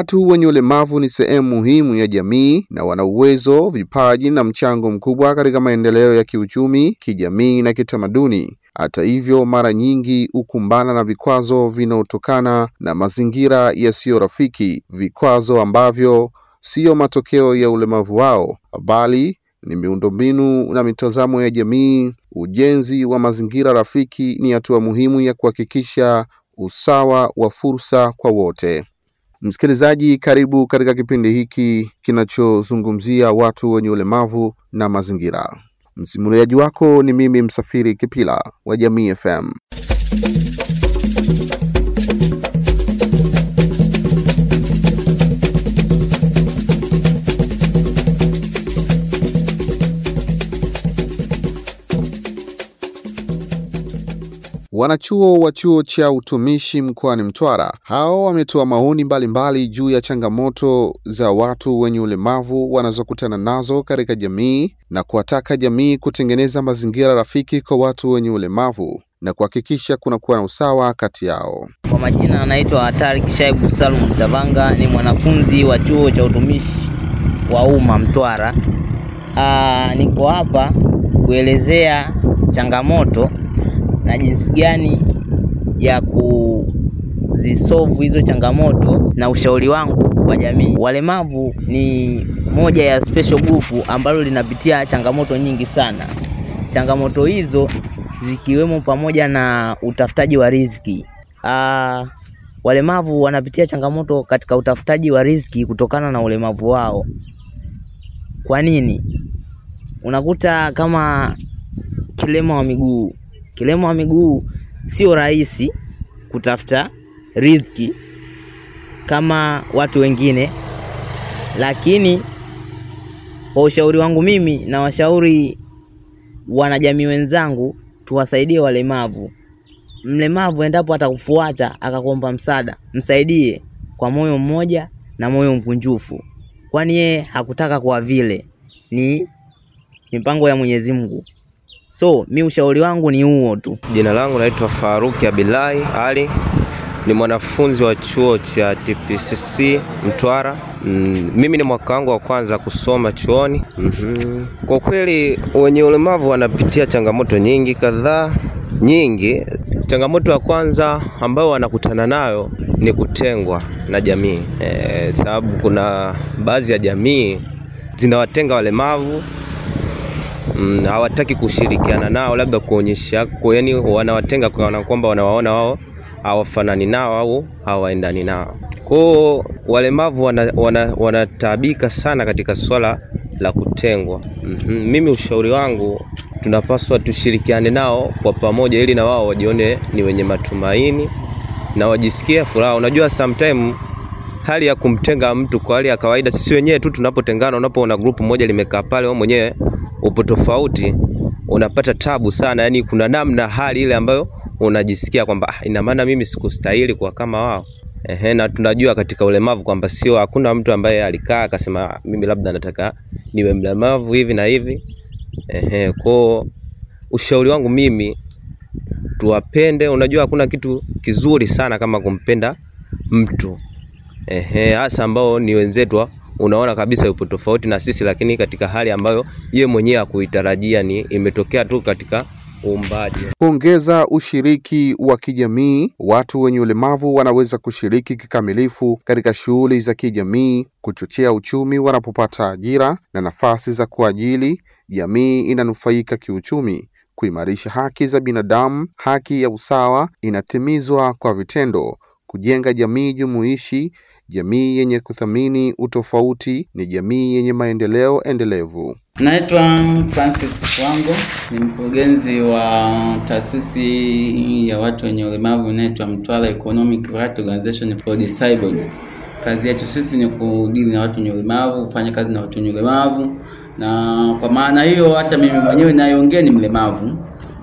Watu wenye ulemavu ni sehemu muhimu ya jamii na wana uwezo, vipaji na mchango mkubwa katika maendeleo ya kiuchumi, kijamii na kitamaduni. Hata hivyo, mara nyingi hukumbana na vikwazo vinaotokana na mazingira yasiyo rafiki, vikwazo ambavyo siyo matokeo ya ulemavu wao bali ni miundombinu na mitazamo ya jamii. Ujenzi wa mazingira rafiki ni hatua muhimu ya kuhakikisha usawa wa fursa kwa wote. Msikilizaji, karibu katika kipindi hiki kinachozungumzia watu wenye ulemavu na mazingira. Msimuliaji wako ni mimi Msafiri Kipila wa Jamii FM. Wanachuo wa chuo cha utumishi mkoani Mtwara hao wametoa maoni mbalimbali juu ya changamoto za watu wenye ulemavu wanazokutana nazo katika jamii na kuwataka jamii kutengeneza mazingira rafiki kwa watu wenye ulemavu na kuhakikisha kunakuwa na usawa kati yao. Kwa majina anaitwa Hatari Kishaibu Salum Mtavanga, ni mwanafunzi wa chuo cha utumishi wa umma Mtwara. Niko hapa kuelezea changamoto na jinsi gani ya kuzisovu hizo changamoto, na ushauri wangu kwa jamii, walemavu ni moja ya special group ambalo linapitia changamoto nyingi sana. Changamoto hizo zikiwemo pamoja na utafutaji wa riziki. Aa, ah, walemavu wanapitia changamoto katika utafutaji wa riziki kutokana na ulemavu wao. Kwa nini? Unakuta kama kilema wa miguu kilema wa miguu sio rahisi kutafuta riziki kama watu wengine, lakini kwa ushauri wangu mimi na washauri wanajamii wenzangu, tuwasaidie walemavu. Mlemavu endapo atakufuata akakuomba msaada, msaidie kwa moyo mmoja na moyo mkunjufu, kwani yeye hakutaka kwa vile, ni mipango ya Mwenyezi Mungu. So mi ushauri wangu ni huo tu. Jina langu naitwa Faruki Abilai Ali, ni mwanafunzi wa chuo cha TPCC Mtwara. Mm, mimi ni mwaka wangu wa kwanza kusoma chuoni. Mm -hmm. Kwa kweli wenye ulemavu wanapitia changamoto nyingi kadhaa nyingi. Changamoto ya kwanza ambayo wanakutana nayo ni kutengwa na jamii, e, sababu kuna baadhi ya jamii zinawatenga walemavu mm, hawataki kushirikiana nao, labda kuonyesha kwa, yani wanawatenga kwa kwamba wanawaona wao hawafanani nao au hawaendani nao. Kwa walemavu wanataabika wana, wana sana katika swala la kutengwa. mm -hmm. Mimi ushauri wangu tunapaswa tushirikiane nao kwa pamoja, ili na wao wajione ni wenye matumaini na wajisikie furaha. Unajua, sometime hali ya kumtenga mtu kwa hali ya kawaida, sisi wenyewe tu tunapotengana, unapoona group moja limekaa pale, wao mwenyewe upo tofauti, unapata tabu sana. Yani kuna namna hali ile ambayo unajisikia kwamba ah, ina maana mimi sikustahili kwa kama wao. Ehe, na tunajua katika ulemavu kwamba sio, hakuna mtu ambaye alikaa akasema ah, mimi labda nataka niwe mlemavu hivi na hivi. Ehe, kwa ushauri wangu mimi tuwapende. Unajua hakuna kitu kizuri sana kama kumpenda mtu ehe, hasa ambao ni wenzetu unaona kabisa yupo tofauti na sisi, lakini katika hali ambayo ye mwenyewe hakuitarajia, ni imetokea tu katika uumbaji. Kuongeza ushiriki wa kijamii, watu wenye ulemavu wanaweza kushiriki kikamilifu katika shughuli za kijamii, kuchochea uchumi wanapopata ajira na nafasi za kuajili. Jamii inanufaika kiuchumi kuimarisha haki za binadamu. Haki ya usawa inatimizwa kwa vitendo, kujenga jamii jumuishi Jamii yenye kuthamini utofauti ni jamii yenye maendeleo endelevu. Naitwa Francis Wango, ni mkurugenzi wa taasisi ya watu wenye ulemavu inaitwa Mtwara Economic Rights Organization for Disabled. Kazi yetu sisi ni kudili na watu wenye ulemavu, kufanya kazi na watu wenye ulemavu, na kwa maana hiyo hata mimi mwenyewe nayeongea ni mlemavu,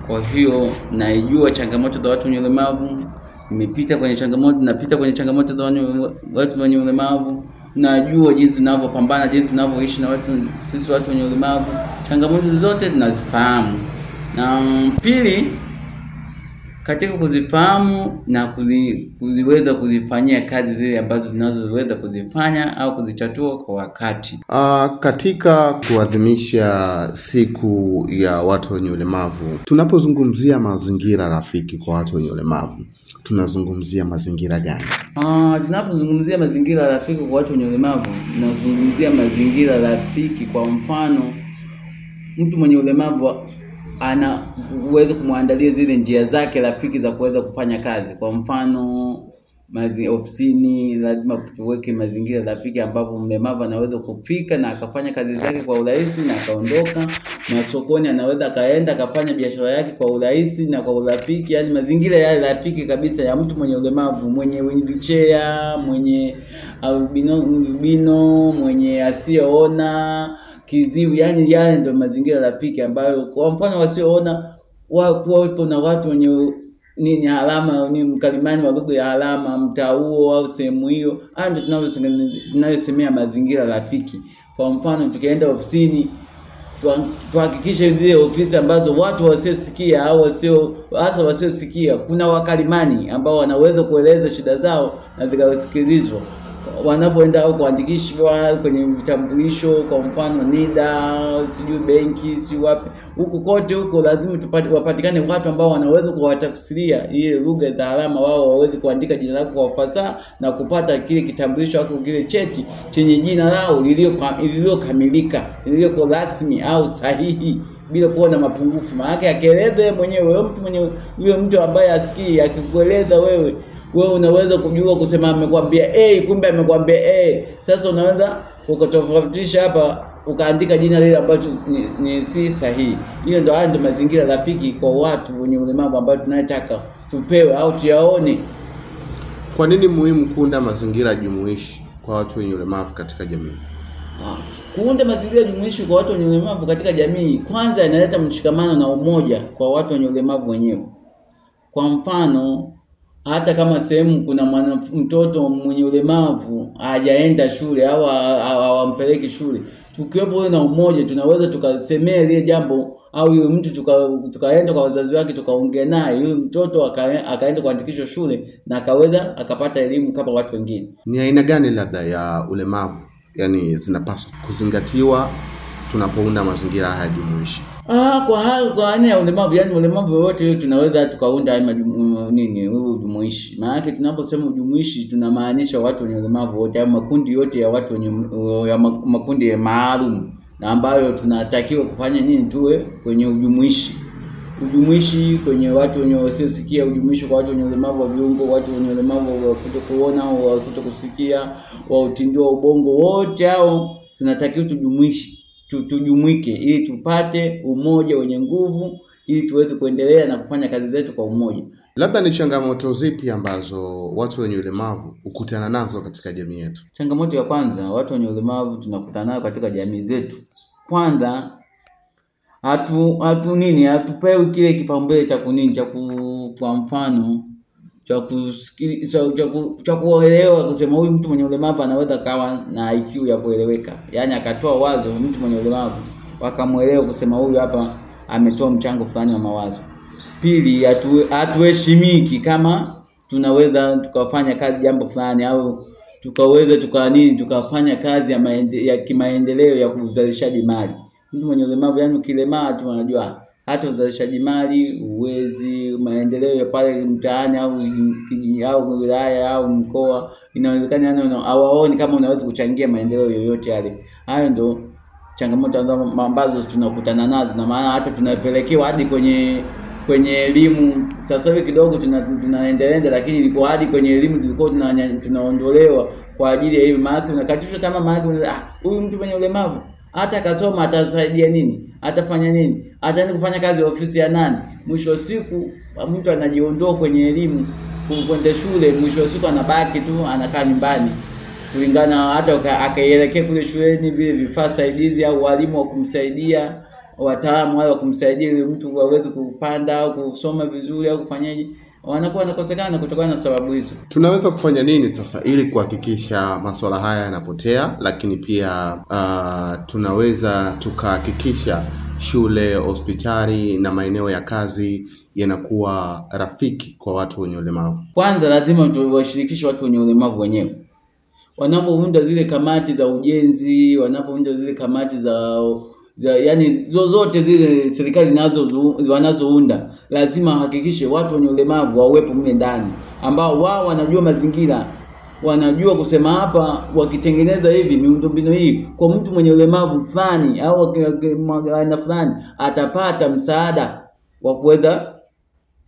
kwa hiyo naijua changamoto za watu wenye ulemavu nimepita kwenye changamoto, napita kwenye changamoto za watu wenye ulemavu, najua jinsi ninavyopambana, jinsi ninavyoishi na watu, sisi watu wenye ulemavu, changamoto zote tunazifahamu. Na pili, katika kuzifahamu na kuzi, kuziweza kuzifanyia kazi zile ambazo tunazoweza kuzifanya au kuzitatua kwa wakati. Uh, katika kuadhimisha siku ya watu wenye ulemavu, tunapozungumzia mazingira rafiki kwa watu wenye ulemavu tunazungumzia mazingira gani? Ah, tunapozungumzia mazingira rafiki kwa watu wenye ulemavu, tunazungumzia mazingira rafiki. Kwa mfano, mtu mwenye ulemavu ana uwezo kumwandalia zile njia zake rafiki za kuweza kufanya kazi. Kwa mfano, mazi, ofisini lazima tuweke mazingira rafiki ambapo mlemavu anaweza kufika na akafanya kazi zake kwa urahisi na akaondoka. Masokoni anaweza akaenda akafanya biashara yake kwa urahisi na kwa urafiki, yani mazingira yale rafiki kabisa ya mtu mwenye ulemavu, mwenye wheelchair, mwenye albino, mwenye asiyeona, kiziwi, yani yale ndio mazingira rafiki ambayo, kwa mfano, wasioona wakuwepo na watu wenye nini alama ni mkalimani wa lugha ya alama mtaa huo au sehemu hiyo. Hayo ndio tunayosemea mazingira rafiki. Kwa mfano, tukienda ofisini tuhakikishe zile ofisi ambazo watu wasiosikia au wasio hata wasiosikia kuna wakalimani ambao wanaweza kueleza shida zao na zikasikilizwa wanapoenda au kuandikishwa kwenye vitambulisho, kwa mfano NIDA, sijui benki, sijui wapi, huku kote huko lazima wapatikane watu ambao wanaweza kuwatafsiria ile lugha za alama, wao waweze kuandika jina lako kwa ufasaha na kupata kile kitambulisho au kile cheti chenye jina lao lililokamilika, lililoko rasmi au sahihi bila kuwa na mapungufu. Maana yake akieleza mwenyewe, mtu mwenye huyo mtu ambaye asikii akikueleza wewe wewe unaweza kujua kusema amekwambia A hey, kumbe amekwambia A hey. Sasa unaweza ukatofautisha hapa ukaandika jina lile ambacho ni, ni si sahihi. Hiyo ndio haya ndio mazingira rafiki kwa watu wenye ulemavu ambao tunataka tupewe au tuyaone. Kwa nini muhimu kuunda mazingira jumuishi kwa watu wenye ulemavu katika jamii? Kuunda mazingira jumuishi kwa watu wenye ulemavu katika jamii, kwanza inaleta mshikamano na umoja kwa watu wenye ulemavu wenyewe. Kwa mfano, hata kama sehemu kuna mwana, mtoto mwenye ulemavu hajaenda shule au hawampeleki shule, tukiwepo ule na umoja, tunaweza tukasemea ile jambo au yule mtu tukaenda tuka kwa wazazi wake tukaongea naye, yule mtoto akaenda kuandikishwa shule na akaweza akapata elimu kama watu wengine. Ni aina gani labda ya ulemavu yani zinapaswa kuzingatiwa tunapounda mazingira haya jumuishi? Ah, kwa hali kwa aina ya ulemavu, yani ulemavu wote tunaweza tukaunda nini huu ujumuishi. Maana yake tunaposema ujumuishi tunamaanisha watu wenye ulemavu wote au makundi yote ya watu wenye ya makundi maalum na ambayo tunatakiwa kufanya nini tuwe kwenye ujumuishi. Ujumuishi kwenye watu wenye wasiosikia, ujumuishi kwa watu wenye ulemavu wa viungo, watu wenye ulemavu wa kutokuona, wa kutokusikia, wa utindio wa ubongo, wote hao tunatakiwa tujumuishi tujumuike ili tupate umoja wenye nguvu ili tuweze kuendelea na kufanya kazi zetu kwa umoja. Labda ni changamoto zipi ambazo watu wenye ulemavu hukutana nazo katika jamii yetu? Changamoto ya kwanza watu wenye ulemavu tunakutana nayo katika jamii zetu, kwanza hatu hatu nini hatupewi kile kipaumbele cha kunini cha kwa mfano cha kuelewa kusema huyu mtu mwenye ulemavu anaweza kawa na IQ ya kueleweka, yaani akatoa wazo mtu mwenye ulemavu wakamwelewa kusema huyu hapa ametoa mchango fulani wa mawazo. Pili, hatuheshimiki kama tunaweza tukafanya kazi jambo fulani au tukaweza tuka nini tukafanya kazi ya, maende, ya kimaendeleo ya kuzalishaji mali. Mtu mwenye ulemavu yani ukilemaa tu unajua hata uzalishaji mali uwezi, maendeleo ya pale mtaani au kijiji au wilaya au mkoa, inawezekana hawaoni kama unaweza kuchangia maendeleo yoyote yale. Hayo ndo changamoto ambazo tunakutana nazo, na maana hata tunapelekewa hadi kwenye kwenye elimu. Sasa hivi kidogo tunaendelea tuna, lakini ilikuwa hadi kwenye elimu tulikuwa tunaondolewa tuna kwa ajili ya hiyo, maana unakatishwa kama maana ah, huyu mtu mwenye ulemavu hata akasoma atasaidia nini? Atafanya nini? hata kufanya kazi ofisi ya nani, mwisho wa siku mtu anajiondoa kwenye elimu kwenda shule, mwisho wa siku anabaki tu anakaa nyumbani, kulingana hata akaelekea kule shuleni vile vifaa saidizi au walimu wa kumsaidia wataalamu wale wa kumsaidia ili mtu aweze kupanda au kusoma vizuri au kufanyaje, wanakuwa wanakosekana kutokana na sababu hizo. Tunaweza kufanya nini sasa ili kuhakikisha masuala haya yanapotea, lakini pia uh, tunaweza tukahakikisha shule, hospitali na maeneo ya kazi yanakuwa rafiki kwa watu wenye ulemavu? Kwanza lazima tuwashirikishe watu wenye ulemavu wenyewe wanapounda zile kamati za ujenzi, wanapounda zile kamati za za yani zozote zile serikali nazo wanazounda, lazima wahakikishe watu wenye ulemavu wawepo mle ndani, ambao wao wanajua mazingira wanajua kusema hapa, wakitengeneza hivi miundombinu hii kwa mtu mwenye ulemavu fulani au aina fulani, atapata msaada wa kuweza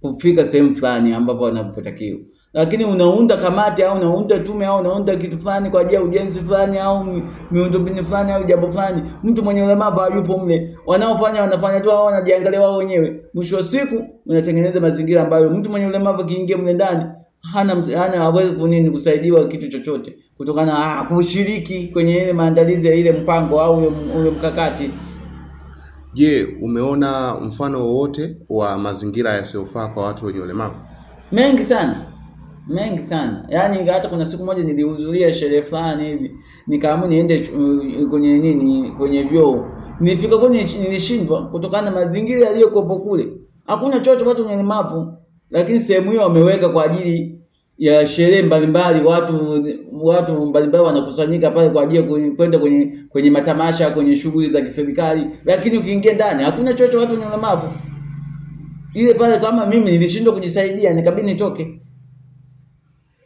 kufika sehemu fulani ambapo anapotakiwa. Lakini unaunda kamati au unaunda tume au unaunda kitu fulani kwa ajili ya ujenzi fulani au miundombinu fulani au jambo fulani, mtu mwenye ulemavu hayupo mle, wanaofanya wanafanya tu, hao wanajiangalia wao wenyewe. Mwisho wa siku unatengeneza mazingira ambayo mtu mwenye ulemavu akiingia mle ndani hana hana hawezi kunini kusaidiwa kitu chochote kutokana na kushiriki kwenye ile maandalizi ya ile mpango au huyo mkakati. Je, umeona mfano wowote wa mazingira yasiyofaa kwa watu wenye ulemavu? Mengi sana, mengi sana. Yaani hata kuna siku moja nilihudhuria sherehe fulani hivi, nikaamua niende uh, kwenye nini, kwenye vyoo. nifika kwenye, nilishindwa kutokana na mazingira yaliyokuwepo kule, hakuna chochote watu wenye ulemavu lakini sehemu hiyo wameweka kwa ajili ya sherehe mbalimbali, watu watu mbalimbali wanakusanyika pale kwa ajili ya kwenda kwenye kwenye matamasha, kwenye shughuli za kiserikali, lakini ukiingia ndani hakuna chochote, watu wenye walemavu ile pale. Kama mimi nilishindwa kujisaidia, nikabidi nitoke,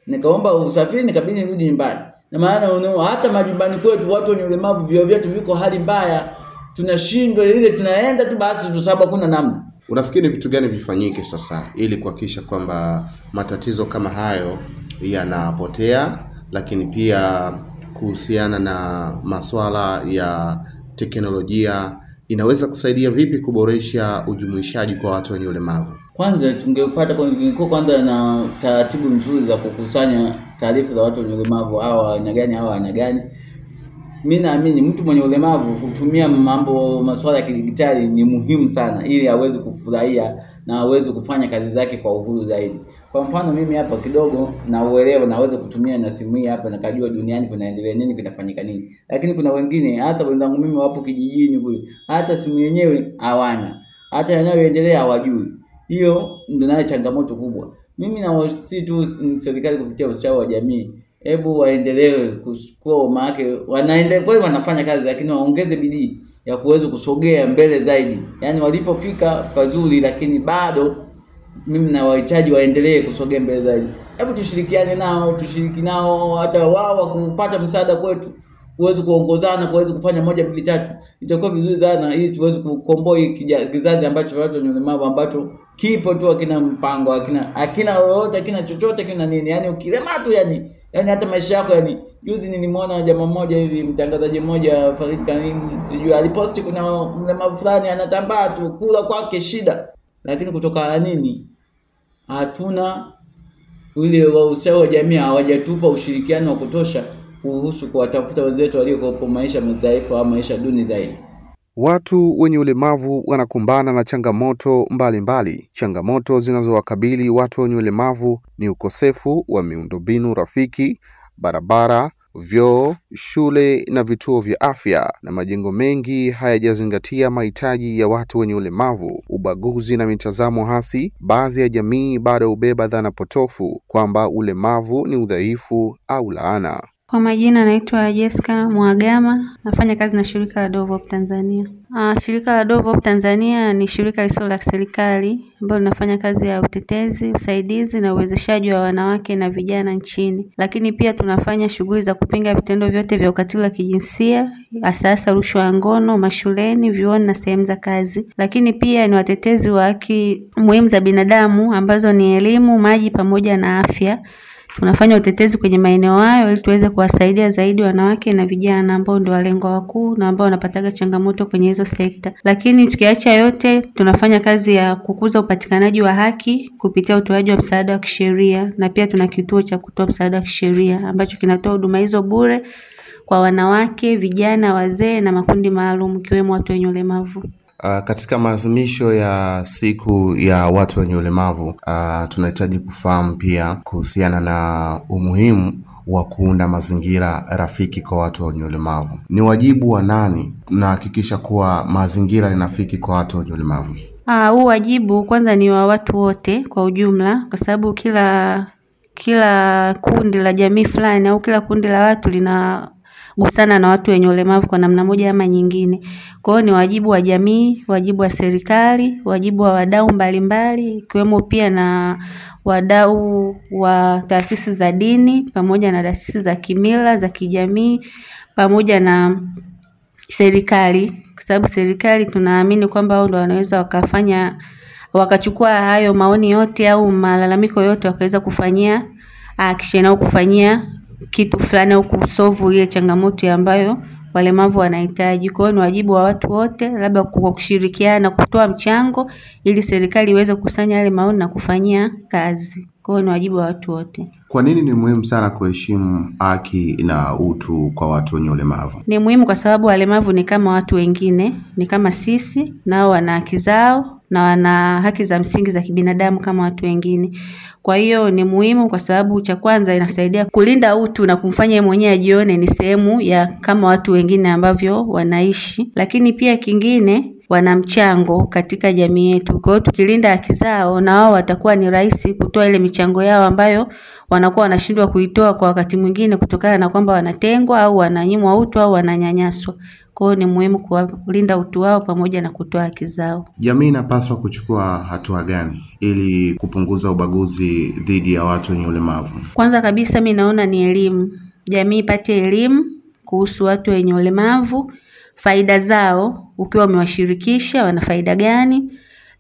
nikaomba usafiri, nikabidi nirudi nyumbani, na maana unaona hata majumbani kwetu watu wenye ulemavu vio vyetu viko hali mbaya, tunashindwa ile, tunaenda tu basi tu sababu hakuna namna. Unafikiri vitu gani vifanyike sasa ili kuhakikisha kwamba matatizo kama hayo yanapotea, lakini pia kuhusiana na masuala ya teknolojia inaweza kusaidia vipi kuboresha ujumuishaji kwa watu wenye ulemavu? Kwanza tungepata kwa kwanza na taratibu nzuri za kukusanya taarifa za watu wenye ulemavu, hawa wanyagani gani, hawa aina gani mi naamini mtu mwenye ulemavu kutumia mambo masuala ya kidigitali ni muhimu sana ili aweze kufurahia na aweze kufanya kazi zake kwa uhuru zaidi kwa mfano mimi hapa kidogo na uelewa naweza kutumia na simu hii hapa nakajua duniani kunaendelea nini kinafanyika nini lakini kuna wengine hata wenzangu mimi wapo kijijini kule hata simu yenyewe hawana hata yanayoendelea hawajui hiyo ndio nayo changamoto kubwa mimi nawasi tu serikali kupitia ustawi wa jamii hebu waendelee kuscroll, maanake wanaendelea kweli, wanafanya kazi, lakini waongeze bidii ya kuweza kusogea mbele zaidi, yaani walipofika pazuri, lakini bado mimi na wahitaji waendelee kusogea mbele zaidi. Hebu tushirikiane nao, tushiriki nao, hata wao wakupata msaada kwetu, kuweze kuongozana, kuweze kufanya moja mbili tatu, itakuwa vizuri sana, ili tuweze kukomboa kizazi ambacho watu wenye ulemavu ambacho kipo tu, akina mpango, akina akina lolote, akina chochote, akina nini, yaani ukilema tu, yaani yani hata maisha yako yani juzi nilimwona jamaa mmoja hivi mtangazaji mmoja Farid Karim sijui aliposti kuna mlemavu fulani anatambaa tu kula kwake shida lakini kutoka nini hatuna ule wahusiano wa jamii hawajatupa ushirikiano wa kutosha kuhusu kuwatafuta wenzetu walioko maisha madhaifu au maisha duni zaidi Watu wenye ulemavu wanakumbana na changamoto mbalimbali mbali. Changamoto zinazowakabili watu wenye ulemavu ni ukosefu wa miundombinu rafiki, barabara, vyoo, shule na vituo vya afya, na majengo mengi hayajazingatia mahitaji ya watu wenye ulemavu. Ubaguzi na mitazamo hasi, baadhi ya jamii bado hubeba dhana potofu kwamba ulemavu ni udhaifu au laana. Kwa majina naitwa Jessica mwagama nafanya kazi na shirika la Dovop Tanzania. Ah, shirika la Dovop Tanzania ni shirika lisilo la serikali ambalo linafanya kazi ya utetezi, usaidizi na uwezeshaji wa wanawake na vijana nchini. Lakini pia tunafanya shughuli za kupinga vitendo vyote vya ukatili wa kijinsia, hasa rushwa ya ngono mashuleni, vyuoni na sehemu za kazi. Lakini pia ni watetezi wa haki muhimu za binadamu ambazo ni elimu, maji pamoja na afya tunafanya utetezi kwenye maeneo hayo ili tuweze kuwasaidia zaidi wanawake na vijana ambao ndio walengwa wakuu na ambao wanapataga changamoto kwenye hizo sekta. Lakini tukiacha yote, tunafanya kazi ya kukuza upatikanaji wa haki kupitia utoaji wa msaada wa kisheria, na pia tuna kituo cha kutoa msaada wa kisheria ambacho kinatoa huduma hizo bure kwa wanawake, vijana, wazee na makundi maalum ikiwemo watu wenye ulemavu. Uh, katika maazimisho ya siku ya watu wenye ulemavu uh, tunahitaji kufahamu pia kuhusiana na umuhimu wa kuunda mazingira rafiki kwa watu wenye ulemavu. Ni wajibu wa nani nahakikisha kuwa mazingira ni rafiki kwa watu wenye ulemavu? Ah, huu wajibu kwanza ni wa watu wote kwa ujumla, kwa sababu kila kila kundi la jamii fulani au kila kundi la watu lina kugusana na watu wenye ulemavu kwa namna moja ama nyingine. Kwa hiyo ni wajibu wa jamii, wajibu wa serikali, wajibu wa wadau mbalimbali ikiwemo pia na wadau wa taasisi za dini pamoja na taasisi za kimila za kijamii pamoja na serikali, kwa sababu serikali tunaamini kwamba wao ndio wanaweza wakafanya wakachukua hayo maoni yote au malalamiko yote wakaweza kufanyia action ah, au kufanyia kitu fulani au kusolve ile changamoto ambayo walemavu wanahitaji. Kwa hiyo ni wajibu wa watu wote, labda kwa kushirikiana na kutoa mchango, ili serikali iweze kukusanya yale maoni na kufanyia kazi. Kwa hiyo ni wajibu wa watu wote. Kwa nini ni muhimu sana kuheshimu haki na utu kwa watu wenye ulemavu? Ni muhimu kwa sababu walemavu ni kama watu wengine, ni kama sisi, nao wana haki zao na wana haki za msingi za kibinadamu kama watu wengine. Kwa hiyo ni muhimu kwa sababu cha kwanza inasaidia kulinda utu na kumfanya yeye mwenyewe ajione ni sehemu ya kama watu wengine ambavyo wanaishi, lakini pia kingine wana mchango katika jamii yetu. Kwa hiyo tukilinda haki zao, na wao watakuwa ni rahisi kutoa ile michango yao ambayo wana wanakuwa wanashindwa kuitoa kwa wakati mwingine kutokana na kwamba wanatengwa au wananyimwa utu au wananyanyaswa. Kwa hiyo ni muhimu kuwalinda utu wao pamoja na kutoa haki zao. Jamii inapaswa kuchukua hatua gani ili kupunguza ubaguzi dhidi ya watu wenye ulemavu? Kwanza kabisa, mi naona ni elimu. Jamii ipate elimu kuhusu watu wenye ulemavu, faida zao. Ukiwa umewashirikisha wana faida gani?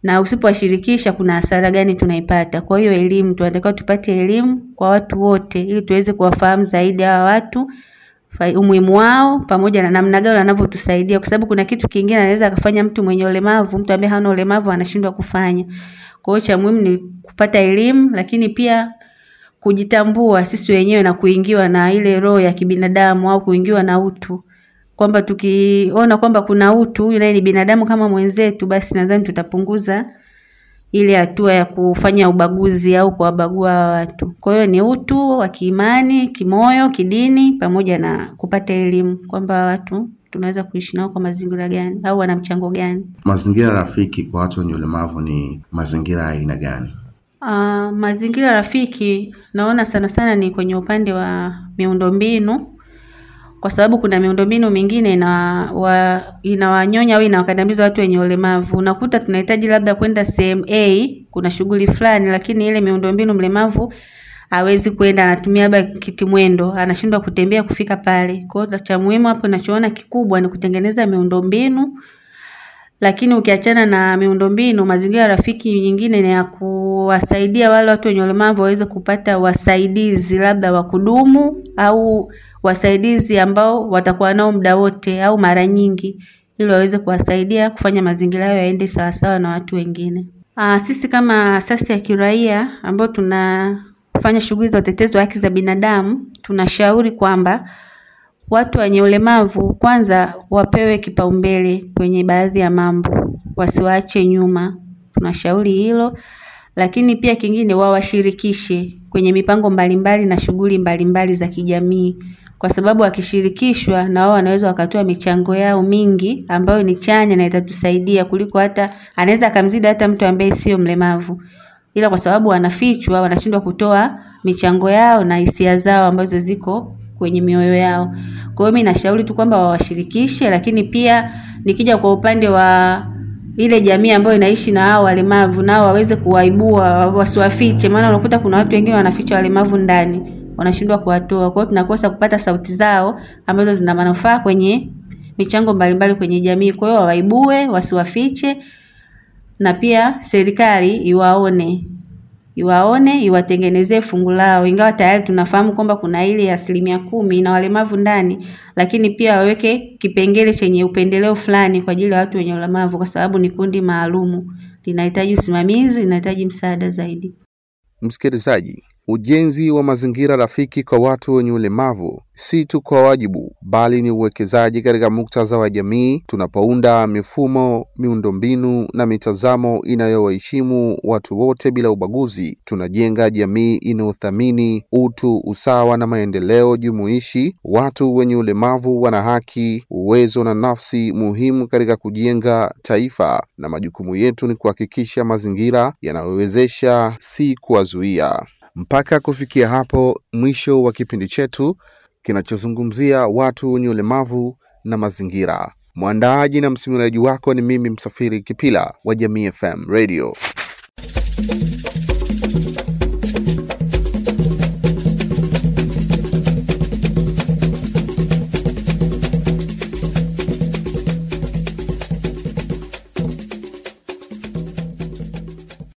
na usipowashirikisha kuna hasara gani tunaipata. Kwa hiyo elimu, tunatakiwa tupate elimu kwa watu wote, ili tuweze kuwafahamu zaidi hawa watu, umuhimu wao, pamoja na namna gani wanavyotusaidia, kwa sababu kuna kitu kingine anaweza akafanya mtu mwenye ulemavu, mtu ambaye hana ulemavu anashindwa kufanya. Kwa hiyo cha muhimu ni kupata elimu, lakini pia kujitambua sisi wenyewe na kuingiwa na ile roho ya kibinadamu au kuingiwa na utu kwamba tukiona kwamba kuna utu, yule ni binadamu kama mwenzetu, basi nadhani tutapunguza ile hatua ya kufanya ubaguzi au kuwabagua watu. Kwa hiyo ni utu wa kiimani, kimoyo, kidini pamoja na kupata elimu kwamba watu tunaweza kuishi nao kwa mazingira gani au wana mchango gani. Mazingira rafiki kwa watu wenye ulemavu ni mazingira ya aina gani? Uh, mazingira rafiki naona sana sana ni kwenye upande wa miundombinu kwa sababu kuna miundombinu mingine wa, inawanyonya au inawakandamiza watu wenye ulemavu. Unakuta tunahitaji labda kwenda sehemu A, kuna shughuli fulani, lakini ile miundombinu mlemavu hawezi kwenda, anatumia labda kiti mwendo, anashindwa kutembea kufika pale. Kwa hiyo cha muhimu hapo, nachoona kikubwa ni kutengeneza miundombinu lakini ukiachana na miundombinu, mazingira rafiki nyingine ni ya kuwasaidia wale watu wenye ulemavu waweze kupata wasaidizi labda wa kudumu au wasaidizi ambao watakuwa nao muda wote au mara nyingi, ili waweze kuwasaidia kufanya mazingira hayo yaende sawasawa na watu wengine. Aa, ah, sisi kama asasi ya kiraia ambao tunafanya shughuli za utetezi wa haki za binadamu tunashauri kwamba Watu wenye ulemavu kwanza wapewe kipaumbele kwenye baadhi ya mambo, wasiwaache nyuma, tunashauri hilo. Lakini pia kingine, wawashirikishe kwenye mipango mbalimbali na shughuli mbalimbali za kijamii, kwa sababu wakishirikishwa na wao wanaweza wakatoa michango yao mingi ambayo ni chanya na itatusaidia kuliko hata anaweza akamzidi hata mtu ambaye sio mlemavu, ila kwa sababu wanafichwa, wanashindwa kutoa michango yao na hisia zao ambazo ziko kwenye mioyo yao. Kwa hiyo mimi nashauri tu kwamba wawashirikishe, lakini pia nikija kwa upande wa ile jamii ambayo inaishi na hao walemavu, nao waweze kuwaibua, wasiwafiche, maana unakuta kuna watu wengine wanaficha walemavu ndani, wanashindwa kuwatoa. Kwa hiyo tunakosa kupata sauti zao ambazo zina manufaa kwenye michango mbalimbali kwenye jamii. Kwa hiyo wawaibue, wasiwafiche na pia serikali iwaone iwaone iwatengenezee fungu lao, ingawa tayari tunafahamu kwamba kuna ile asilimia kumi na walemavu ndani, lakini pia waweke kipengele chenye upendeleo fulani kwa ajili ya watu wenye ulemavu, kwa sababu ni kundi maalumu, linahitaji usimamizi, linahitaji msaada zaidi. Msikilizaji, Ujenzi wa mazingira rafiki kwa watu wenye ulemavu si tu kwa wajibu, bali ni uwekezaji katika muktadha wa jamii, tunapounda mifumo, miundombinu na mitazamo inayowaheshimu watu wote bila ubaguzi. Tunajenga jamii inayothamini utu, usawa na maendeleo jumuishi. Watu wenye ulemavu wana haki, uwezo na nafsi muhimu katika kujenga taifa, na majukumu yetu ni kuhakikisha mazingira yanayowezesha, si kuwazuia. Mpaka kufikia hapo mwisho wa kipindi chetu kinachozungumzia watu wenye ulemavu na mazingira. Mwandaaji na msimuliaji wako ni mimi Msafiri Kipila wa Jamii FM Radio.